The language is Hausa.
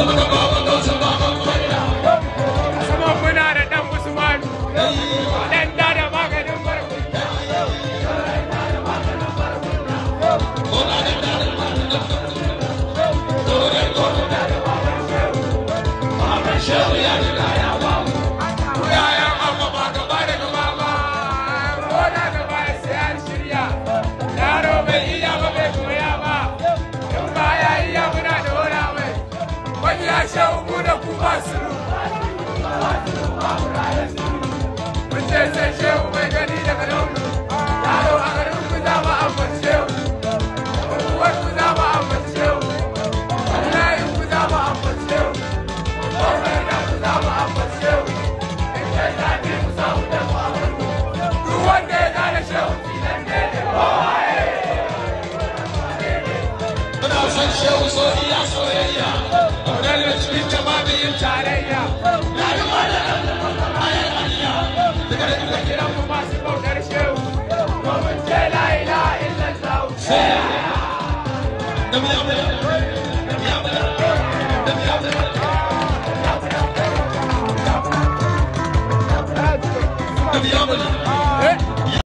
Come on, come on. ya sha mu da ku ba su mun ce sai shehu mai gani daga nomu yaro a garin ku za mu ambaci shehu kuwar ku za mu ambaci shehu wallahi ku za mu ambaci shehu kofar da ku za mu ambaci shehu in kai zaɓe ku za mu da mu ambaci duk wanda ya da gane shehu filan ne da kowa Muna son shehu so iya soyayya. Come on, come on.